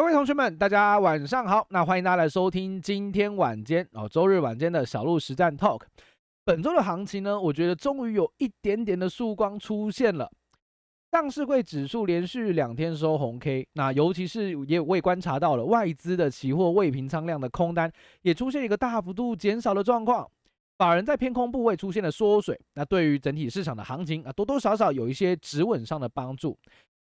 各位同學們，大家晚上好。那歡迎大家來收聽今天晚間哦，周日晚間的小路實戰 Talk。本周的行情呢，我覺得終於有一點點的曙光出現了。上市櫃指數連續兩天收紅 K，那尤其是也未觀察到了外資的期貨未平倉量的空單也出現一個大幅度減少的狀況，法人在偏空部位出現了縮水。那對於整體市場的行情啊，多多少少有一些止穩上的幫助。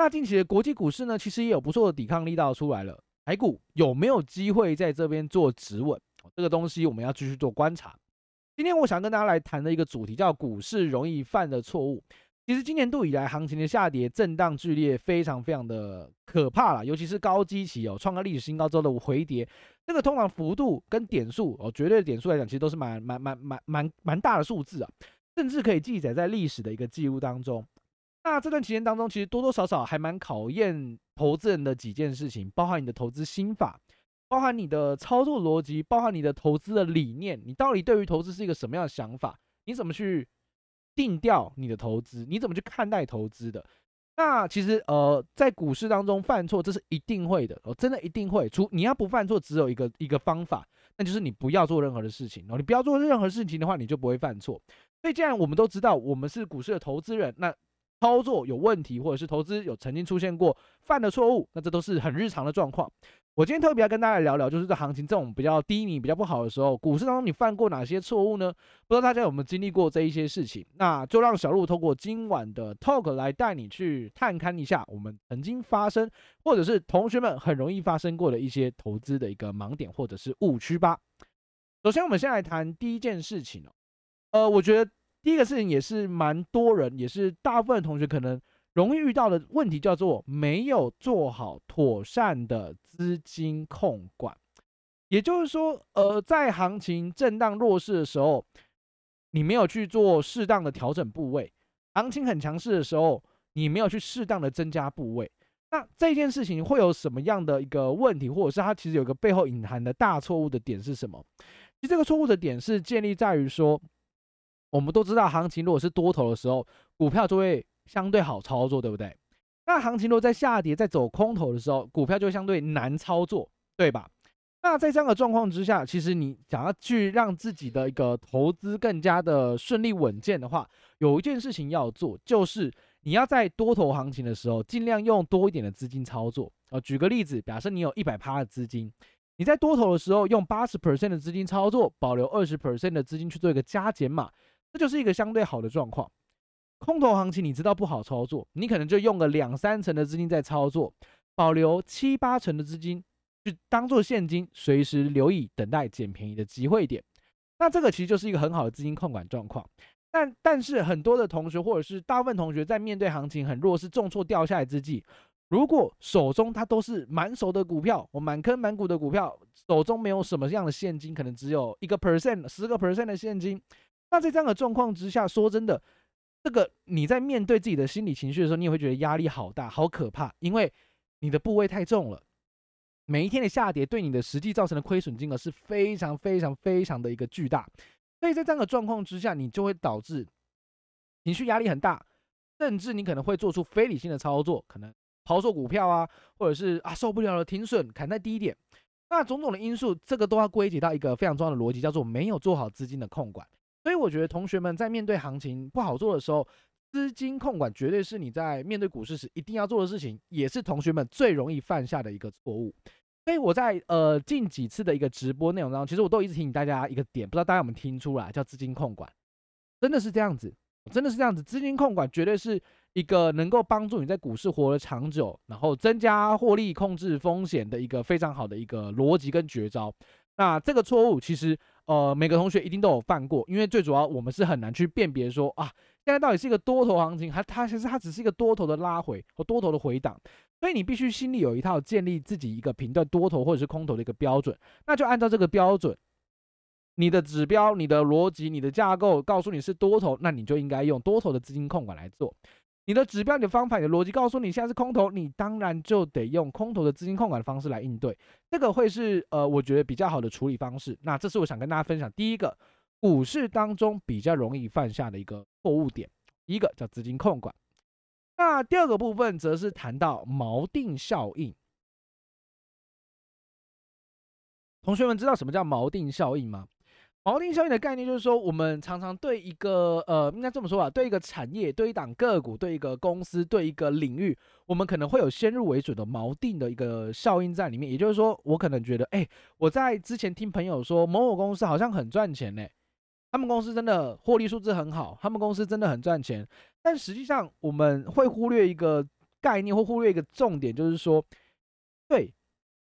那近期的國際股市呢，其實也有不錯的抵抗力道出來了。台股有沒有機會在這邊做止穩？這個東西我們要繼續做觀察。今天我想跟大家來談的一個主題，叫股市容易犯的錯誤。其實今年度以來，行情的下跌震盪劇烈，非常非常的可怕啦。尤其是高基期哦，創造歷史新高之後的回跌，這個通常幅度跟點數哦，絕對的點數來講，其實都是蠻蠻蠻蠻蠻蠻大的數字啊，甚至可以記載在歷史的一個記錄當中。那這段期間當中，其實多多少少還蠻考驗投資人的幾件事情，包含你的投資心法，包含你的操作邏輯，包含你的投資的理念。你到底對於投資是一個什麼樣的想法？你怎麼去定調你的投資？你怎麼去看待投資的？那其實呃，在股市當中犯錯，這是一定會的哦，真的一定會。除你要不犯錯，只有一個一個方法，那就是你不要做任何的事情哦。你不要做任何事情的話，你就不會犯錯。所以，既然我們都知道我們是股市的投資人，那操作有問題，或者是投資有曾經出現過犯的錯誤，那這都是很日常的狀況。我今天特別要跟大家聊聊，就是在行情這種比較低迷、比較不好的時候，股市當中你犯過哪些錯誤呢？不知道大家有沒有經歷過這一些事情？那就讓小路通過今晚的 talk 來帶你去探勘一下我們曾經發生，或者是同學們很容易發生過的一些投資的一個盲點或者是誤區吧。首先，我們先來談第一件事情哦。呃，我覺得。第一個事情也是蠻多人，也是大部分同學可能容易遇到的問題，叫做沒有做好妥善的資金控管。也就是說，呃，在行情震盪弱勢的時候，你沒有去做適當的調整部位；行情很強勢的時候，你沒有去適當的增加部位。那這件事情會有什麼樣的一個問題，或者是它其實有個背後隱含的大錯誤的點是什麼？其實這個錯誤的點是建立在於說，我們都知道，行情如果是多頭的時候，股票就會相對好操作，對不對？那行情如果在下跌、在走空頭的時候，股票就相對難操作，對吧？那在這樣的狀況之下，其實你想要去讓自己的一個投資更加的順利穩健的話，有一件事情要做，就是你要在多頭行情的時候，盡量用多一點的資金操作。啊，舉個例子，假設你有一百趴的資金，你在多頭的時候用八十 percent 的資金操作，保留二十 percent 的資金去做一個加減碼。這就是一個相對好的狀況。空頭行情你知道不好操作，你可能就用個兩三成的資金在操作，保留七八成的資金去當做現金，隨時留意等待撿便宜的機會點。那這個其實就是一個很好的資金控管狀況。但但是很多的同學或者是大部分同學在面對行情很弱勢、重挫掉下來之際，如果手中它都是滿手的股票，我滿坑滿谷的股票，手中沒有什麼樣的現金，可能只有一個 percent、十個 percent 的現金。那在這樣的狀況之下，說真的，這個你在面對自己的心理情緒的時候，你也會覺得壓力好大，好可怕，因為你的部位太重了。每一天的下跌對你的實際造成的虧損金額是非常非常非常的一個巨大。所以在這樣的狀況之下，你就會導致情緒壓力很大，甚至你可能會做出非理性的操作，可能拋售股票啊，或者是啊受不了了的停損，砍在低點。那種種的因素，這個都要歸結到一個非常重要的邏輯，叫做沒有做好資金的控管。所以我覺得同學們在面對行情不好做的時候，資金控管絕對是你在面對股市時一定要做的事情，也是同學們最容易犯下的一個錯誤。所以我在呃近幾次的一個直播內容當中，其實我都一直提醒大家一個點，不知道大家有沒有聽出來？叫資金控管，真的是這樣子，真的是這樣子。資金控管絕對是一個能夠幫助你在股市活得長久，然後增加獲利、控制風險的一個非常好的一個邏輯跟絕招。那這個錯誤其實。呃，每個同學一定都有犯過，因為最主要我們是很難去辨別說啊，現在到底是一個多頭行情，還它，它其實它只是一個多頭的拉回或多頭的回檔，所以你必須心裡有一套建立自己一個判斷多頭或者是空頭的一個標準，那就按照這個標準，你的指標、你的邏輯、你的架構告訴你是多頭，那你就應該用多頭的資金控管來做，你的指標、你的方法、你的邏輯告訴你現在是空頭，你當然就得用空頭的資金控管的方式來應對，這個會是呃，我覺得比較好的處理方式。那這是我想跟大家分享第一個股市當中比較容易犯下的一個錯誤點，第一個叫資金控管。那第二個部分則是談到錨定效應。同學們知道什麼叫錨定效應嗎？錨定效應的概念就是說，我們常常對一個呃，應該這麼說吧，對一個產業、對一檔個股、對一個公司、對一個領域，我們可能會有先入為主的錨定的一個效應在裡面。也就是說，我可能覺得，哎，我在之前聽朋友說某某公司好像很賺錢呢，他們公司真的獲利數字很好，他們公司真的很賺錢。但實際上，我們會忽略一個概念，或忽略一個重點，就是說，對，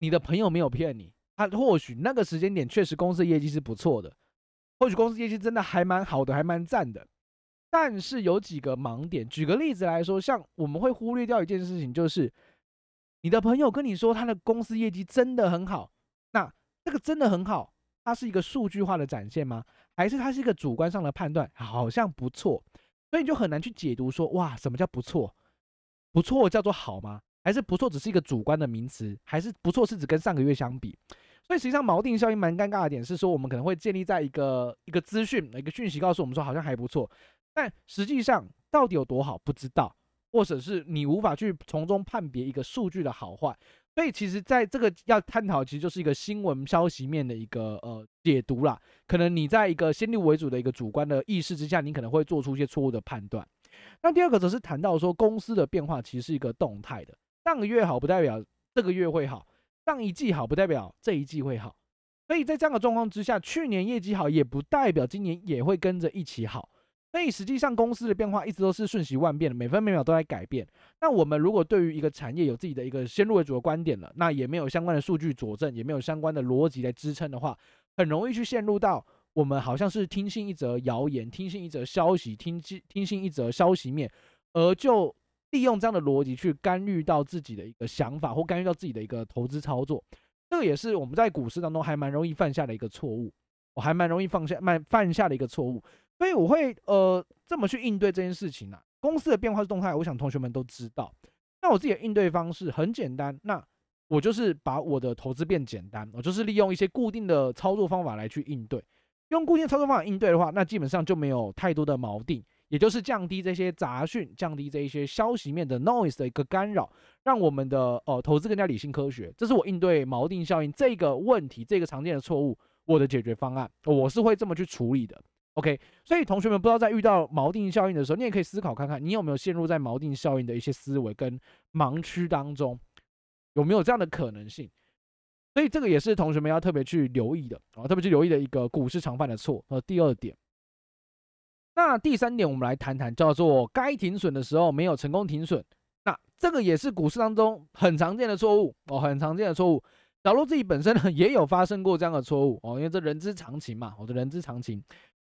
你的朋友沒有騙你，他或許那個時間點確實公司業績是不錯的。或許公司業績真的還蠻好的，還蠻讚的，但是有幾個盲點。舉個例子來說，像我們會忽略掉一件事情，就是你的朋友跟你說他的公司業績真的很好，那這個真的很好，它是一個數據化的展現嗎？還是它是一個主觀上的判斷？好像不錯，所以你就很難去解讀說，哇，什麼叫不錯？不錯叫做好嗎？還是不錯只是一個主觀的名詞？還是不錯是指跟上個月相比？所以實際上錨定效應蠻尷尬的點是說，我們可能會建立在一個一個資訊、一個訊息告訴我們說好像還不錯，但實際上到底有多好不知道，或者是你無法去從中判別一個數據的好壞。所以其實在這個要探討，其實就是一個新聞消息面的一個呃解讀啦。可能你在一個先入為主的一個主觀的意識之下，你可能會做出一些錯誤的判斷。那第二個則是談到說公司的變化其實是一個動態的，上個月好不代表這個月會好。上一季好不代表這一季會好，所以在這樣的狀況之下，去年業績好也不代表今年也會跟着一起好。所以實際上公司的變化一直都是瞬息萬變的，每分每秒都在改變。那我們如果對於一個產業有自己的一個先入為主的觀點了，那也沒有相關的數據佐證，也沒有相關的邏輯來支撐的話，很容易去陷入到我們好像是聽信一則謠言，聽信一則消息，聽聽信一則消息面，而就。利用這樣的邏輯去干預到自己的一個想法，或干預到自己的一個投資操作，這個也是我們在股市當中還蠻容易犯下的一個錯誤，我還蠻容易放下蠻犯下的一個錯誤，所以我會呃這麼去應對這件事情啊。公司的變化是動態，我想同學們都知道。那我自己的應對方式很簡單，那我就是把我的投資變簡單，我就是利用一些固定的操作方法來去應對。用固定的操作方法應對的話，那基本上就沒有太多的錨定。也就是降低這些雜訊，降低這一些消息面的 noise 的一個干擾，讓我們的呃投資更加理性科學。這是我應對錨定效應這個問題這個常見的錯誤，我的解決方案，我是會這麼去處理的。OK，所以同學們不知道在遇到錨定效應的時候，你也可以思考看看，你有沒有陷入在錨定效應的一些思維跟盲區當中，有沒有這樣的可能性？所以這個也是同學們要特別去留意的啊、哦，特別去留意的一個股市常犯的錯。呃，第二點。那第三點，我們來談談叫做該停損的時候沒有成功停損。那這個也是股市當中很常見的錯誤哦，很常見的錯誤。假如自己本身呢也有發生過這樣的錯誤哦，因為這人之常情嘛，我、哦、的人之常情。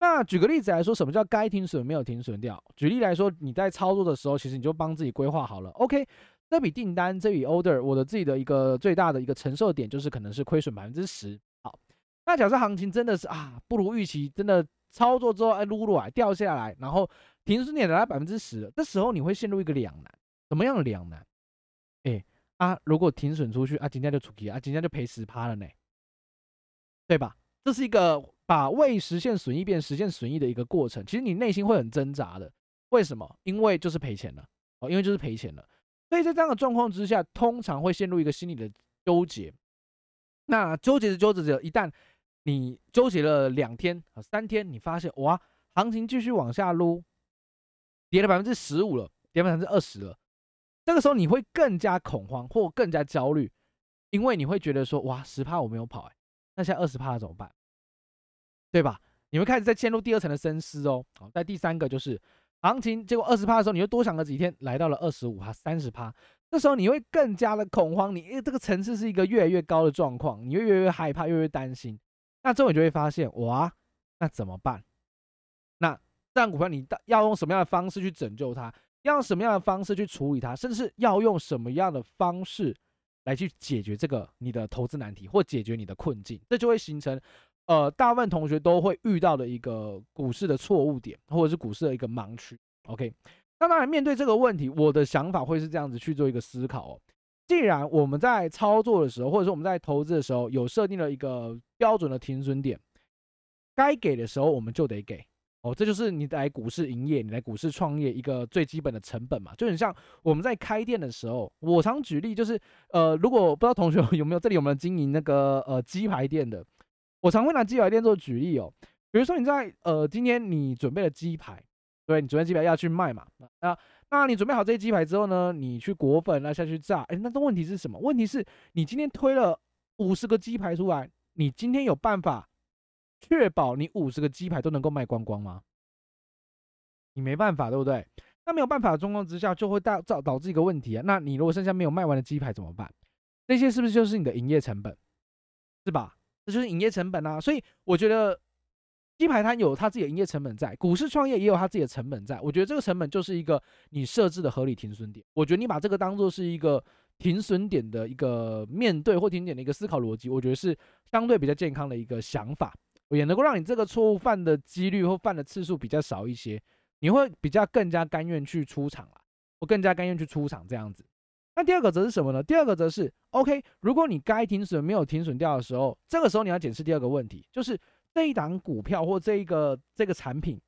那舉個例子來說，什麼叫該停損沒有停損掉？舉例來說，你在操作的時候，其實你就幫自己規劃好了，OK，這筆訂單這筆 order，我的自己的一個最大的一個承受點就是可能是虧損百分之十。好，那假設行情真的是啊不如預期，真的。操作之後，哎，擼擼啊，掉下來，然後停損也達到百分之十，這時候你會陷入一個兩難，什麼樣的兩難？哎，啊，如果停損出去，啊，今天就出局啊，今天就賠十趴了呢，對吧？這是一個把未實現損益變實現損益的一個過程，其實你內心會很掙扎的。為什麼？因為就是賠錢了哦，因為就是賠錢了。所以在這樣的狀況之下，通常會陷入一個心理的糾結。那糾結著糾結著，一旦。你糾結了兩天、三天，你發現哇，行情繼續往下擼，跌了百分之十五了，跌百分之二十了，這個時候你會更加恐慌或更加焦慮，因為你會覺得說哇，十趴我沒有跑哎、欸，那現在二十趴怎麼辦？對吧？你會開始在陷入第二層的深思哦。好，在第三個就是行情，結果二十趴的時候，你就多想了幾天，來到了二十五趴、三十趴，這時候你會更加的恐慌，你因為這個層次是一個越來越高的狀況，你會越來越害怕，越來越擔心。那之後你就會發現哇，那怎麼辦？那這檔股票你要用什麼樣的方式去拯救它？要用什麼樣的方式去處理它？甚至要用什麼樣的方式來去解決這個你的投資難題或解決你的困境？這就會形成，呃，大部分同學都會遇到的一個股市的錯誤點或者是股市的一個盲區。OK，那當然面對這個問題，我的想法會是這樣子去做一個思考哦。既然我們在操作的時候，或者說我們在投資的時候，有設定了一個標準的停損點，該給的時候我們就得給哦，這就是你來股市營業，你來股市創業一個最基本的成本嘛。就很像我們在開店的時候，我常舉例就是，呃，如果不知道同學有沒有這裡有沒有經營那個呃雞排店的，我常會拿雞排店做舉例哦。比如說你在呃今天你準備了雞排。對，對，你準備雞排要去賣嘛。啊，那你準備好這些雞排之後呢，你去裹粉，那下去炸。哎，那這個、問題是什麼？問題是你今天推了五十個雞排出來，你今天有辦法確保你五十個雞排都能夠賣光光嗎？你沒辦法，對不對？那沒有辦法的狀況之下，就會大造導致一個問題啊。那你如果剩下沒有賣完的雞排怎麼辦？這些是不是就是你的營業成本？是吧？這就是營業成本啊。所以我覺得。雞排攤有他自己的營業成本在，股市創業也有他自己的成本在。我覺得這個成本就是一個你設置的合理停損點。我覺得你把這個當做是一個停損點的一個面對或停損點的一個思考邏輯，我覺得是相對比較健康的一個想法，也能夠讓你這個錯誤犯的幾率或犯的次數比較少一些。你會比較更加甘願去出場了，我更加甘願去出場這樣子。那第二個則是什麼呢？第二個則是 OK，如果你該停損沒有停損掉的時候，這個時候你要檢視第二個問題，就是。這一檔股票或這一個這個產品，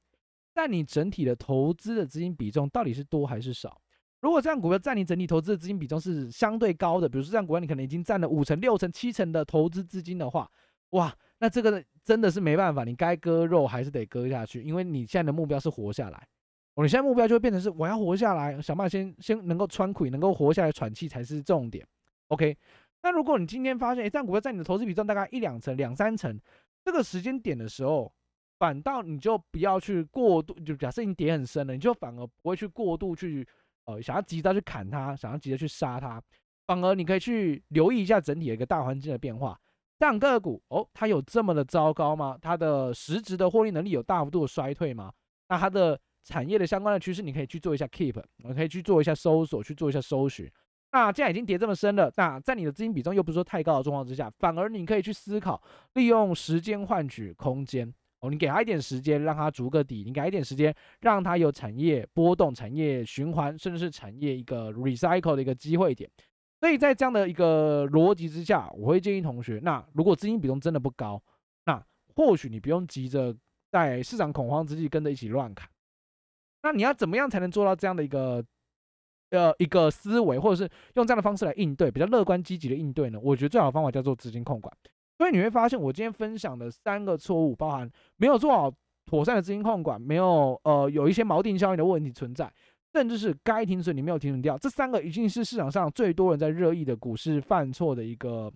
占你整體的投資的資金比重到底是多還是少？如果這樣股票占你整體投資的資金比重是相對高的，比如說這樣股票你可能已經占了五成、六成、七成的投資資金的話，哇，那這個真的是沒辦法，你該割肉還是得割下去，因為你現在的目標是活下來。我、哦、你現在目標就會變成是我要活下來，想辦法先先能夠喘氣，能夠活下來喘氣才是重點。OK，那如果你今天發現，誒，這樣股票占你的投資比重大概一兩成、兩三成，這個時間點的時候，反倒，你就不要去過度，就假設你跌很深了，你就反而不會去過度去呃想要急着去砍它，想要急着去殺它，反而你可以去留意一下整體的一個大環境的變化。但個股哦，它有這麼的糟糕嗎？它的實質的獲利能力有大幅度的衰退嗎？那它的產業的相關的趨勢，你可以去做一下 keep，你可以去做一下搜索，去做一下搜尋。那既然已經跌這麼深了，那在你的資金比重又不是說太高的狀況之下，反而你可以去思考利用時間換取空間哦。你給他一點時間，讓他築個底；你給他一點時間，讓他有產業波動、產業循環，甚至是產業一個 recycle 的一個機會點。所以在這樣的一個邏輯之下，我會建議同學，那如果資金比重真的不高，那或許你不用急着在市場恐慌之際跟着一起亂砍。那你要怎麼樣才能做到這樣的一個？呃，一個思維，或者是用這樣的方式來應對，比較樂觀積極的應對呢？我覺得最好的方法叫做資金控管。所以你會發現，我今天分享的三個錯誤，包含沒有做好妥善的資金控管，沒有呃有一些錨定效應的問題存在，甚至是該停損你沒有停損掉，這三個已經是市場上最多人在熱議的股市犯錯的一個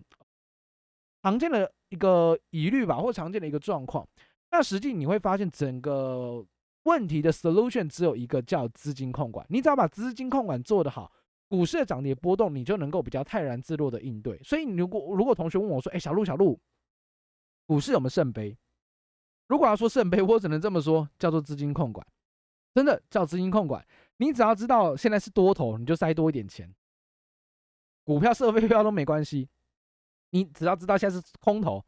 常見的一個疑慮吧，或常見的一個狀況。那實際你會發現，整個。問題的 solution 只有一個，叫資金控管。你只要把資金控管做得好，股市的漲跌波動，你就能夠比較泰然自若的應對。所以，你如果如果同學問我說：“哎，小路，小路，股市有沒有聖杯？”如果要說聖杯，我只能這麼說，叫做資金控管。真的叫資金控管。你只要知道現在是多頭，你就塞多一點錢，股票射飛鏢都沒關係。你只要知道現在是空頭，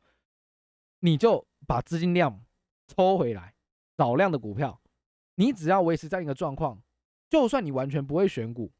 你就把資金量抽回來，少量的股票。你只要維持這樣一個狀況，就算你完全不會選股，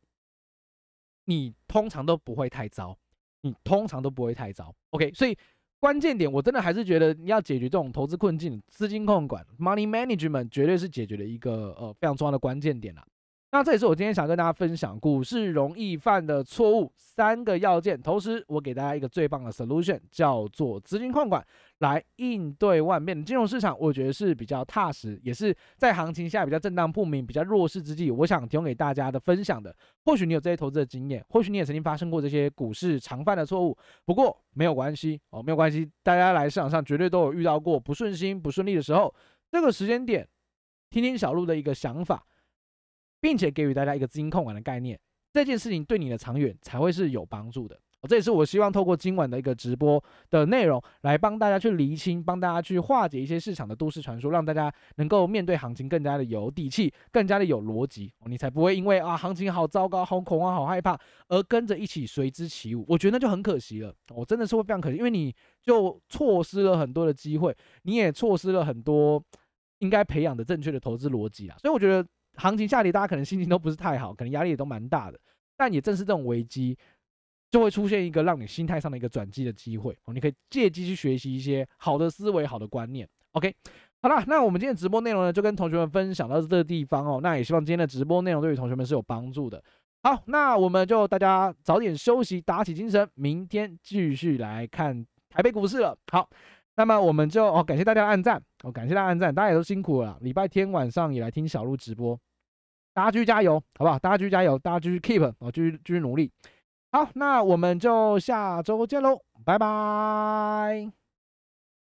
你通常都不會太糟，你通常都不會太糟。OK，所以關鍵點我真的還是覺得，你要解決這種投資困境，資金控管 （money management） 絕對是解決的一個呃非常重要的關鍵點了、啊。那這也是我今天想跟大家分享股市容易犯的錯誤三個要件，同時我給大家一個最棒的 solution，叫做資金控管，來應對外面的金融市場。我覺得是比較踏實，也是在行情下比較震盪不明、比較弱勢之際，我想提供給大家的分享的。或許你有這些投資的經驗，或許你也曾經發生過這些股市常犯的錯誤。不過沒有關係哦，沒有關係，大家來市場上絕對都有遇到過不順心、不順利的時候。這個時間點，聽聽小路的一個想法。並且給予大家一個資金控管的概念，這件事情對你的長遠才會是有幫助的。哦，這也是我希望透過今晚的一個直播的內容來幫大家去釐清，幫大家去化解一些市場的都市傳說，讓大家能夠面對行情更加的有底氣，更加的有邏輯。你才不會因為啊行情好糟糕、好恐慌、好害怕而跟着一起隨之起舞。我覺得就很可惜了。哦，我真的是會非常可惜，因為你就錯失了很多的機會，你也錯失了很多應該培養的正確的投資邏輯啊。所以我覺得。行情下跌，大家可能心情都不是太好，可能壓力也都蠻大的。但也正是這種危機，就會出現一個讓你心態上的一個轉機的機會。你可以借機去學習一些好的思維、好的觀念。OK，好啦，那我們今天的直播內容呢，就跟同學們分享到這個地方哦。那也希望今天的直播內容對於同學們是有幫助的。好，那我們就大家早點休息，打起精神，明天繼續來看台北股市了。好，那麼我們就哦，感謝大家的按讚哦，感謝大家按讚，大家也都辛苦了啦，禮拜天晚上也來聽小路直播。大家繼續加油，好不好？大家繼續加油，大家繼續 keep，哦，繼續繼續努力。好，那我們就下周見嘍，拜拜。